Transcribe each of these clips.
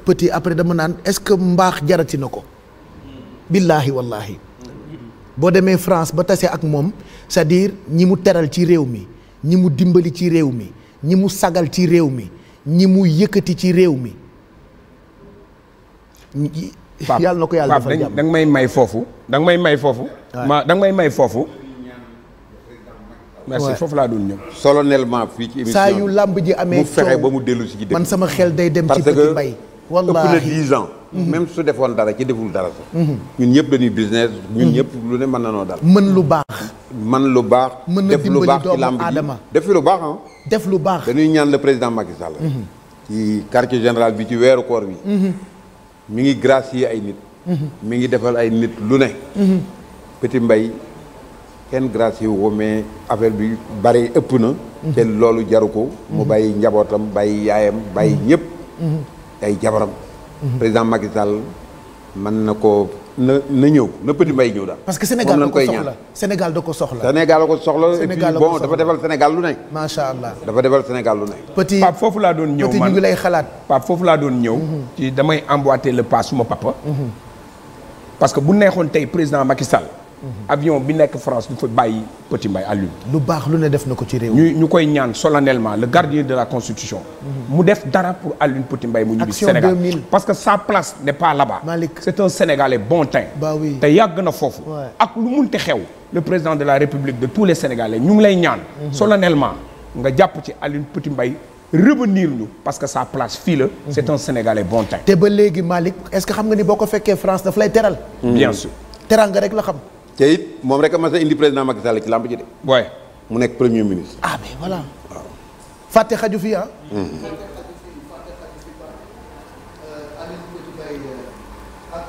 petit après dama naan est-ce que mbaax jarati na ko billaahi wallaahi boo demee France ba tase ak moom cest à ñi mu teral ci réew mi ñi mu dimbali ci réew mi ñi mu sagal ci réew mi ñi mu yëkkati ci réew mi yàlla na ko yàlla defal jàmm danga may may foofu danga may may foofu ma danga may may foofu merci foofu laa doon ñëw. solennellement fii ci émission saa yu làmb ji amee mu fexe ba mu dellu si ci dëkk man sama xel day dem ci Petit Mbaye wallaahi ëpp na dix ans. Mhm. même su defoon dara ci deful dara sax. Mhm. ñun ñëpp dañuy business. ñun mhm. ñëpp lu ne mën na noo dal. mën lu baax. mën lu baax. mën na dimbali doomu aadama def lu baax ci ah. def lu baax dañuy ñaan le président Macky Sall. ci quartier général bi ci weeru koor bi. mi ngi gracier ay nit. mi ngi defal ay nit lu ne. Petit Mbaye. kenn grâce wu mais affaire bi bari ëpp na. te mhm. loolu jaru ko. mu mhm. bàyyi njabootam bàyyi yaayam bàyyi mhm. ñëpp. ay jabaram. président Macky Sall mën na ko na ñëw na Petit Mbaye ñëw daal. parce que Sénégal da ko soxla Sénégal da ko soxla. Sénégal ko soxla et puis bon dafa defal Sénégal lu ne. macha allah dafa defal Sénégal lu ne. Petit foofu laa doon ñëw man ñu xalaat. Pape foofu laa doon ñëw. damay emboîter le pas suma papa. parce que bu neexoon tey président Macky Sall. avion bi nekk France du fa bàyyi Petit Mbaye Alioune. lu baax lu ne def na ko ci réew ñu koy ñaan solennellement le gardien de la constitution. Mhm. mu def dara pour Alioune Petit Mbaye mu ñibbi Sénégal parce que sa place n'est pas là-bas. Malick c'est un Sénégalais bon teint. ba oui te yàgg na foofu. ak lu munti xew. le président de la République de tous les Sénégalais ñu ngi lay ñaan. Mhm. solennellement nga jàpp ci Alioune Petit Mbaye. revenir ñu parce que sa place fii la. Mhm. c'est un Sénégalais bon teint. te ba léegi Malick est-ce que xam nga boo ko fekkee France daf lay teral. bien sûr teral nga rek te it moom rek a mas a indi président Macky Sall ci làmb ji de. mu nekk premier ministre. ah mais waaw fàtte xaju fi ah.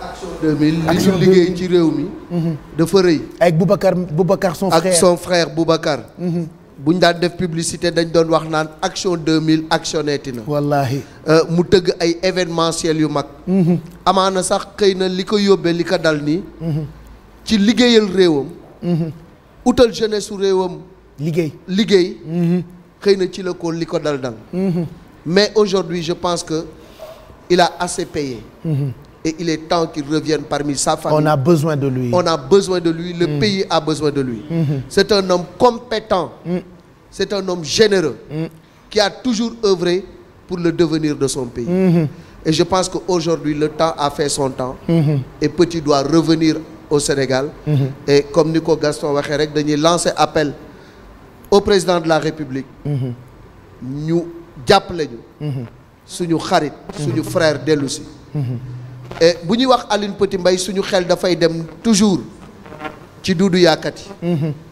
action 2000 li ñu liggéey ci réew mi. Mhm. dafa rëy. ay Boubacar Boubacar son frère ak son frère mhm. bu ñu daan def publicité dañ doon wax naan action 2000 actionnetti na. wallaahi. Euh, mu tëgg ay événementiel yu mag. Mhm. amaana sax xëy na li ko yóbbee li ko dal nii. ci liggéeyal réewam. Mhm. utal jeunesse su réewam. liggéey liggéey. Mhm. xëy na ci la ko li ko dal dal. Mhm. mais aujourd'hui je pense que il a assez payé. et il est temps qu'il revienne parmi sa famille. on a besoin de lui. a le pays a besoin de lui. Mmh. c'est un homme compétent. Mm. c'est un homme généreux. Mm. qui a toujours œuvré pour le devenir de son pays. et je pense qu'aujourd'hui le temps a fait son temps. et Petit doit revenir au Sénégal. Mm-hmm. et comme ni ko Gaston waxee rek dañuy lancer appel au président de la République. Mm-hmm. ñu jàppale ñu. Mm-hmm. suñu xarit. suñu frère dellu si. bu ñuy wax Aline Petit Mbaye suñu xel dafay dem toujours ci Doudou Yakati.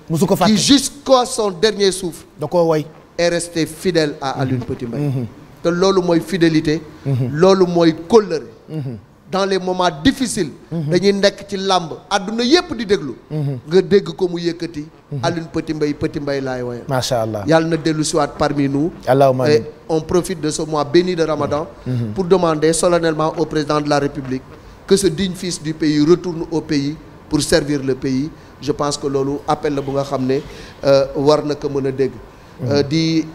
musu ko fàtte qui jusqu'à son dernier suuf da koo woy est resté fidèle à Aline Petit te loolu mooy fidélité. loolu mooy kóllëre. dans les moments difficiles mhm. dañuy nekk ci làmb àdduna yépp di déglu mhm. nga dégg ko mu yëkkati mhm. Alioune Petit Mbaye Petit Mbaye laay woye macha allah yàlla na dellu siwaat parmi nous allahumma et on profite de ce mois béni de Ramadan pour demander solennellement au président de la République que ce digne fils du pays retourne au pays pour servir le pays je pense que loolu appel la bu nga xam ne euh, war na ko mën a dégg euh,